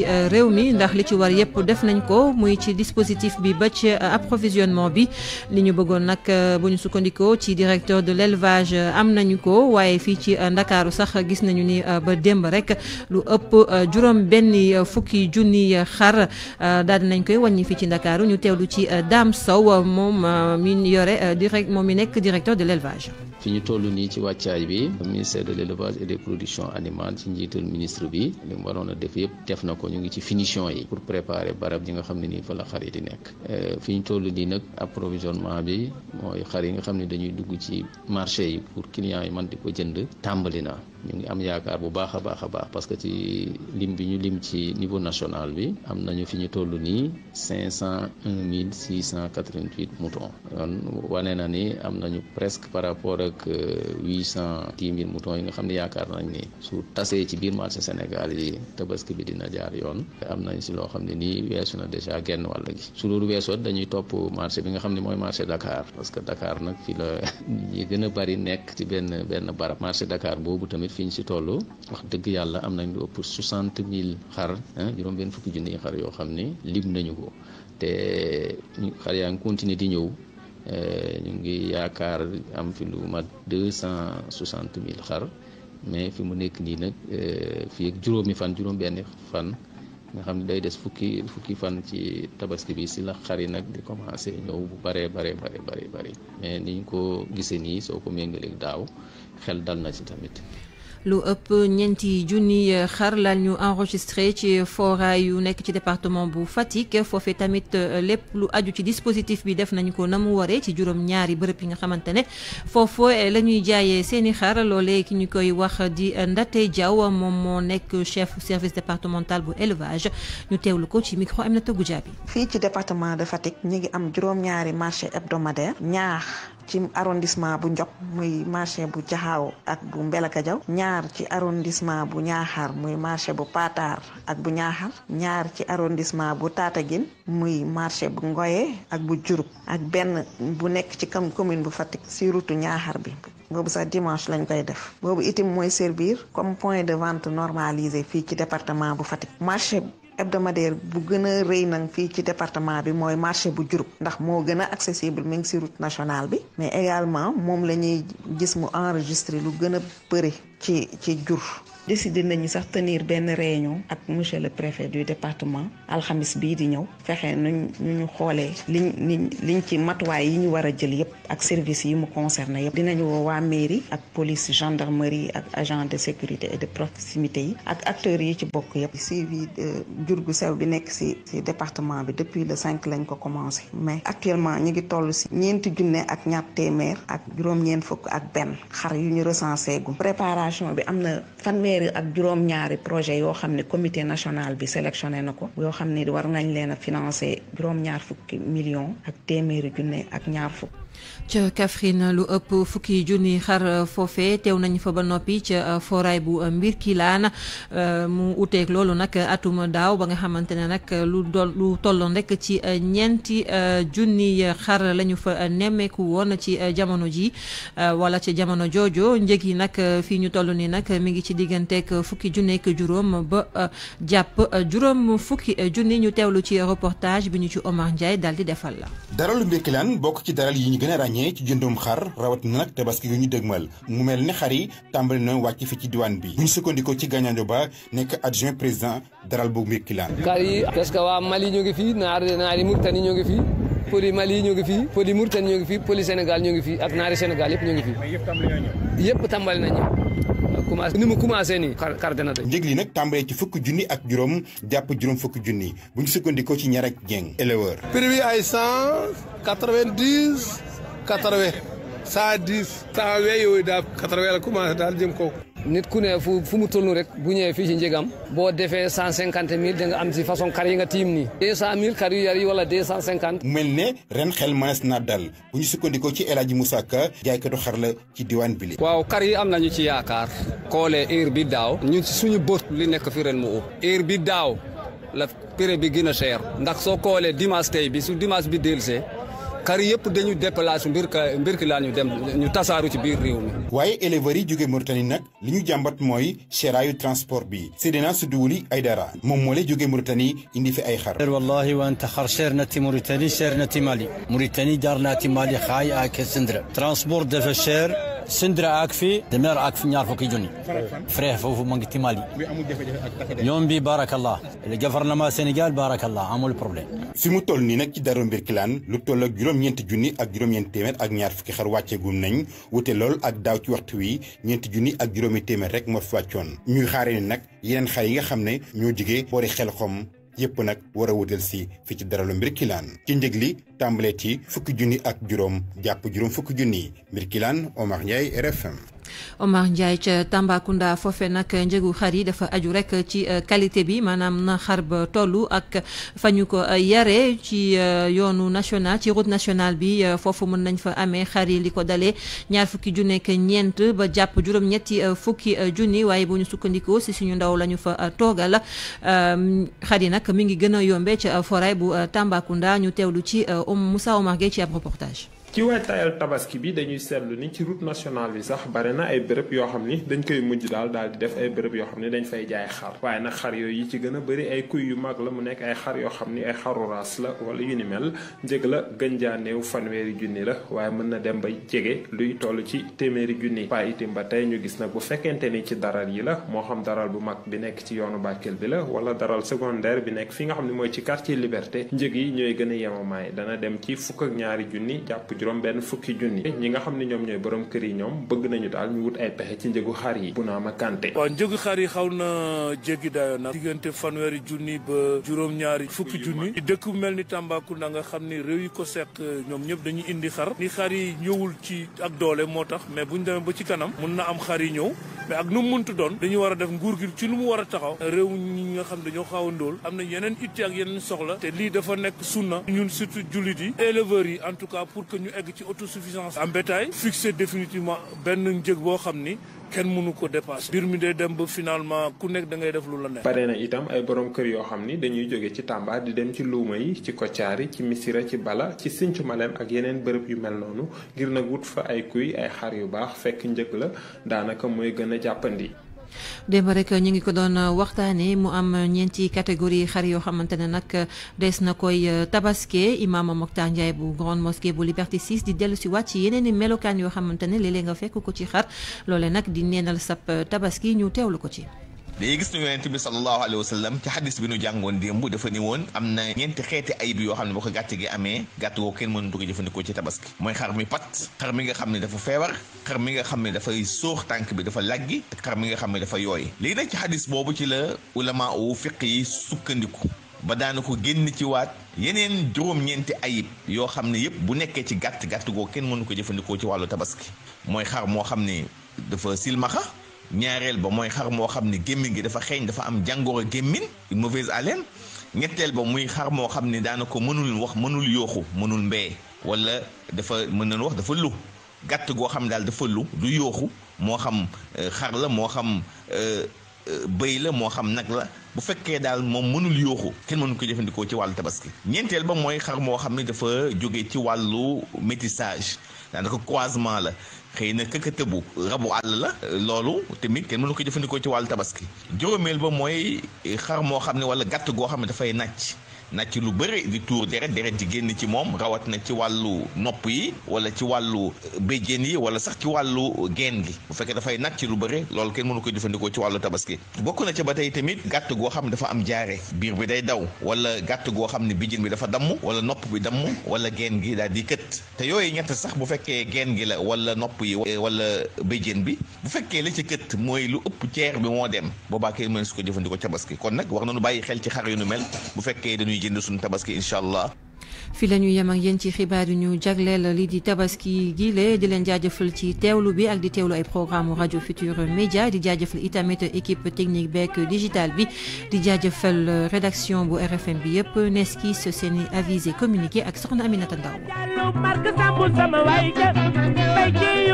ci euh, réew mi ndax li ci war yëpp def nañ ko muy ci dispositif bi ba ci euh, approvisionnement bi li ñu bëggoon nag euh, bu ñu sukkandikoo ci directeur de l'élevage am nañu ko waaye fii ci ndakaaru sax gis nañu ni ba démb rek lu ëpp juróom benn fukki junni xar daal di nañ koy waññi fii ci ndakaaru ñu teewlu ci Dame Sow moom mi yore direct moom mi nekk directeur de l'élevage fi ñu toll nii ci wàccaay bi ministère de l' et des production animales ci njiital ministre bi li mu def yëpp def na ko ñu ngi ci finition yi pour préparer barab yi nga xam ne nii fa la xar yi nekk euh, fi ñu toll nii nag approvisionnement bi mooy xar yi nga xam ne dañuy dugg ci marché yi pour client yi man di ko jënd tàmbali na ñu ngi am yaakaar bu baax a baax a baax parce que ci lim bi ñu lim ci niveau national bi am nañu fi ñu toll nii cinq cent un mille six cent quatre-vingt-huit moutons kon wane na ni am nañu presque par rapport ak euh, huit cent dix mille moutons yi nga xam ne yaakaar nañ ni su tasee ci biir marché Sénégal yi tabaski bi dina jaar yoon am nañ si loo xam ne nii weesu na déjà genn wàll gi su loolu weesoo dañuy topp marché bi nga xam ne mooy marché Dakar parce que Dakar nag fi la ñu gën a bari nekk ci benn benn barab marché Dakar boobu tamit fiñ si toll wax dëgg yàlla am nañ lu ëpp soixante mille xar juróom benn fukki junniy xar yoo xam ne lim nañu ko te xar yaa ngi continuer di ñëw euh, ñu ngi yaakaar am fi lu mat deux cent soixante mille xar mais fi mu nekk nii nag euh, fii ak juróomi fan juróom benn fan nga xam ne day des fukki fukki fan ci tabaski bi si la xar yi nag di commencé ñëw bu baree bare bare bare bëri mais niñ ko gisee nii soo ko méngaleeg daaw xel dal na si tamit lu ëpp ñeenti junni eh, xar la ñu ci foraay yu nekk ci département bu Fatick foofee tamit eh, lépp lu aju ci dispositif bi def nañu ko na mu waree ci juróom ñaari bërëb yi nga xamante ne foofu eh, la ñuy jaayee seeni xar loolee ki ñu koy wax di Ndate Diaw moom moo nekk chef service départemental bu élevage ñu teewlu ko ci micro Aminata Goudiaby fii ci département de Fatick ñu ngi am juróom ñaari marché hebdomadaire ñaax ci arrondissement bu Ndiop muy marché bu Jaxaaw ak bu Mbelakajaw ñaar ci arrondissement bu Ñaaxar muy marché bu Patar ak bu Ñaaxar ñaar ci arrondissement bu Tataguine muy marché bu Ngoye ak bu Diouroup ak benn bu nekk ci kam commune bu Fatick si route Ñaaxar bi boobu sax dimanche lañ koy def boobu itim mooy servir comme point de vente normalisé fii ci département bu Fatick marché hebdomadaire bu gën a rëy nag fii ci département bi mooy marché bu Diouroup ndax moo gën a accessible mi ngi si route nationale bi mais également moom la ñuy gis mu enregistré lu gën a bëri ci ci jur décidé nañu sax tenir benn réunion ak monsieur le préfet du département alxamis bii di ñëw fexe nuñ nu ñu xoolee liñ liñ liñ ci matuwaay yi ñu war a jël yëpp ak service yi mu concerné yëpp dinañu woo waa mairie ak police gendarmerie ak agent de sécurité et de proximité yi ak acteurs yi ci bokk yëpp suivi jur gu sew bi nekk si si département bi depuis le cinq lañ ko commencé mais actuellement ñu ngi toll si ñeenti junne ak ñaar téeméer ak juróom-ñeent fukk ak benn xar yu ñu recensé gu fanweeri ak juróom-ñaari projet yoo xam ne comité national bi sélectionné na ko yoo xam ne war nañ leen a financé juróom-ñaar fukki millions ak téeméeri junne ak ñaar fukk. ca Kaffrine lu ëpp fukki junni xar foofe teew nañ fa ba noppi ca foray bu mbir kilaan euh, mu uteeg loolu nag atuma daaw ba nga xamante ne nag lu doon lu tolloon rek ci euh, ñeenti euh, junni xar lañu fa nemmeeku woon ci jamono ji wala ci jamono joojo njëg yi nag fii ñu toll nii nag mi ngi ci diggante. digganteeg fukki junneeg juróom ba euh, jàpp euh, juróom fukki junni ñu teewlu ci reportage bi ñu ci Omar Ndiaye daal di defal la. daralu Ndékilaan bokk ci daral yi ñu gën a ràññee ci jëndum xar rawatina nag tabaski gi ñu dëgmal mu mel ni xar yi tàmbali na wàcc fi ci diwaan bi. bu ñu sukkandikoo ci Gagnan ba nekk adjoint président daral bu Ndékilaan. xar yi presque waa Mali ñoo ngi fi naar naari Mauritanie ñoo ngi fi. poli Mali ñoo ngi fii poli Mauritanie ñoo ngi fii poli Sénégal ñoo ngi fii ak naari Sénégal ñoo ngi fii yëpp tàmbali nañu commencé ni mu commencé ni xar xar dana doy njëg li nag tàmbalee ci fukki junni ak juróom jàpp juróom fukki junni bu ñu sukkandikoo ci ñaar ak jeng éleveur prix bi ay cent quatre-vingt-dix quatre-vingt cent dix cent we yooyu daal quatre-vingt nit ku ne fu fu mu toll rek bu ñëwee fii ci njegam boo defee cent cinquante mille da nga am si façon kar yi nga tiim nii deux cent mille kar yu yar yi wala deux cent cinquante mel ne ren xel mënees na dal bu ñu sukkandikoo ci El Hadji Moussa Ka jaaykatu xar la ci diwaan bi li waaw kar yi am nañu ci yaakaar koolee heure bi daaw ñun suñu bët li nekk fi ren mu ëpp heure bi daaw la prix bi gën a cher ndax soo koolee dimanche tey bi su dimanche bi delsee kar yëpp dañu déplacé mbir ka ñu dem ñu tasaaru ci biir réew mi. waaye éleveurs yi jóge Mauritanie nag li ñu jàmbat mooy seeraayu transport bi Seydina Soudiwouly Aidara moom moo lay jóge Mauritanie indi fi ay xar. wallahi wa anta xar seer na ci Mauritanie seer na ci Mali. Mauritanie jaar naa ci Mali xaay ak Sindra. transport dafa seer. Sindra ak fi demeer ak fi ñaar fukki junni frère foofu ma ngi Timali ñoom bi barakallah le gouvernement Sénégal barakallah amul problème fi mu toll nii nag ci daru Birkelane lu toll ak juróom-ñeenti junni ak juróom-ñeenti téeméer ak ñaar fukki xar wàcceegum nañ wute lool ak daaw ci waxtu wi ñeenti junni ak juróomi téeméer rek moo fi wàccoon ñuy xaare ni nag yeneen xar yi nga xam ne ñoo jigee boori xel xom yëpp nag war a wutal si fi ci daralu mbirkilaan ci njëg li tàmbalee ci fukki junni ak juróom jàpp juróom fukki junni mbirkilaan Omar Ndiaye RFM Omar Ndiaye ca Tambacounda foofe nag njëgu xar yi dafa aju rek ci euh, qualité bi maanaam na xar ba toll ak fa ñu ko euh, yare ci euh, yoonu national ci route national bi foofu mën nañ fa amee xar yi li ko dalee ñaar fukki junneek ñeent ba jàpp juróom-ñetti fukki junni waaye bu ñu sukkandikoo si suñu ndaw lañu fa toogal xar yi nag mi ngi gën a yombe ca forêt bu Tambacounda ñu teewlu ci Moussa Omar Gueye ci ab reportage. ci waajtaayal tabaski bi dañuy seetlu ni ci route nationale bi sax bare na ay bërëb yoo xam ni dañ koy mujj daal daal di def ay béréb yoo xam ni dañ fay jaay xar waaye nag xar yooyu yi ci gën a bëri ay kuy yu mag la mu nekk ay xar yoo xam ni ay xaru raas la wala yu ni mel njëg la gën jaa fanweeri junni la waaye mën na dem ba jege luy toll ci téeméeri junni waaye itam ba tey ñu gis nag bu fekkente ni ci daral yi la moo xam daral bu mag bi nekk ci yoonu Bakel bi la wala daral secondaire bi nekk fi nga xam ne mooy ci quartier liberté njëg yi ñooy gën a yemamaay dana dem ci fukk ñaari junni juróom benn fukki junni ñi nga xam ne ñoom ñooy borom kër yi ñoom bëgg nañu daal ñu wut ay pexe ci njëgu xar yi bu naama kante waaw njëgu xar yi xaw na jéggi dayo nag diggante fanweeri junni ba juróom-ñaari fukki junni dëkk mel ni Tambacounda nga xam ni réew yi ko seq ñoom ñëpp dañuy indi xar ni xar yi ñëwul ci ak doole moo tax mais buñ demee ba ci kanam mun na am xar yi ñëw mais ak nu mu muntu doon dañu war a def nguur gi ci lu mu war a taxaw réew ñi nga xam dañoo xaw a ndóol am na yeneen itti ak yeneen soxla te lii dafa nekk sunna ñun surtout jullit yi éleveurs yi en tout cas pour que ñu egg ci autosuffisance en bétail fixer définitivement benn njëg boo xam ni kenn mënu ko dépassé. mbir mi day dem ba finalement ku nekk da ngay def lu la nekk. bare na itam ay borom kër yoo xam ni dañuy jóge ci Tamba di dem ci luuma yi ci Koccaar yi ci Missira ci Bala ci Sinthiou Malem ak yeneen bërëb yu mel noonu ngir nag wut fa ay kuy ay xar yu baax fekk njëg la daanaka mooy gën a jàppandi. démb rek ñu ngi ko doon waxtaanee mu am ñeenti catégorie xar yoo xamante ne nag des na koy euh, tabaske imaam Moctar Ndiaye bu grande mosquée bu Liberté 6 di dellu si ci yeneen i melokaan yoo xamante ne léeg nga fekk ko ci xar loole nag di neenal sab euh, tabaski ñu teewlu ko ci. dañuy gis ne yonent bi sallallahu alayhi wa sallam ci xadis bi nu jàngoon démb dafa ni woon am na ñeenti xeeti ayib yoo xam ne boo ko gàtt gi amee gàtt goo kenn mënatu ko jëfandikoo ci tabaski mooy xar mi pat xar nga xam ne dafa feebar xar mi nga xam ne dafay sóox tànk bi dafa laggi ak mi nga xam ne dafa yooy léegi nag ci xadis boobu ci la ulama u fiq yi sukkandiku ba daana ko génn ci yeneen juróom-ñeenti yoo xam ne yépp bu nekkee ci gàtt gàtt goo kenn mënu ko jëfandikoo ci wàllu tabaski mooy xar moo xam ne dafa silmaxa ñaareel ba mooy xar moo xam ne gémmiñ gi dafa xeeñ dafa am jàngoro gémmin mauvaise haleine ñetteel ba muy xar moo xam ne daanaka mënul wax mënul yooxu mënul mbee walla dafa mën nañu wax dafa lu gàtt goo xam daal dafa lu du yooxu moo xam euh, xar la moo xam euh, euh, bëy la moo xam nag la bu fekkee daal moom mënul yooxu kenn mënu ko jëfandikoo ci wàllu tabaski ñeenteel ba mooy xar moo xam ne dafa jóge ci wàllu métissage daanaka croisement la xëy na këkk tëbu rabu àll la loolu tamit kenn mënu ko jëfandikoo ci wàllu tabaski juróomeel ba mooy xar moo xam ne wala gàtt goo xam ne dafay nàcc na ci lu bëri di tuur deret deret di génn ci moom rawat na ci wàllu nopp yi wala ci wàllu euh, béjjén yi wala sax ci wàllu geen gi bu fekkee dafay nag ci lu bëri loolu kenn mënu ko jëfandikoo ci wàllu tabaski bokk na ca ba tey tamit gàtt goo xam ne dafa am jaare biir bi day daw wala gàtt goo xam ne bijjén bi dafa damm wala nopp bi damm wala geen gi daal di kët te yooyu ñett sax bu fekkee geen gi la wala nopp yi wala béjjén bi bu fekkee la ci kët mooy lu ëpp ceer bi moo dem boobaa kenn mënu su ko jëfandikoo tabaski kon nag war nañu bàyyi xel ci xar yu nu mel bu fekkee dañuy ñuy jënd suñu tabaski incha allah. fi la ñu yem ak yéen ci xibaar yi ñu jagleel lii di tabaski gi lee di leen jaajëfal ci teewlu bi ak di teewlu ay programme rajo Futur Média di jaajëfal itamit équipe technique beek digital bi di jaajëfal rédaction bu RFM bi yëpp neskis seeni avisé communiqué ak soxna Aminata Ndaw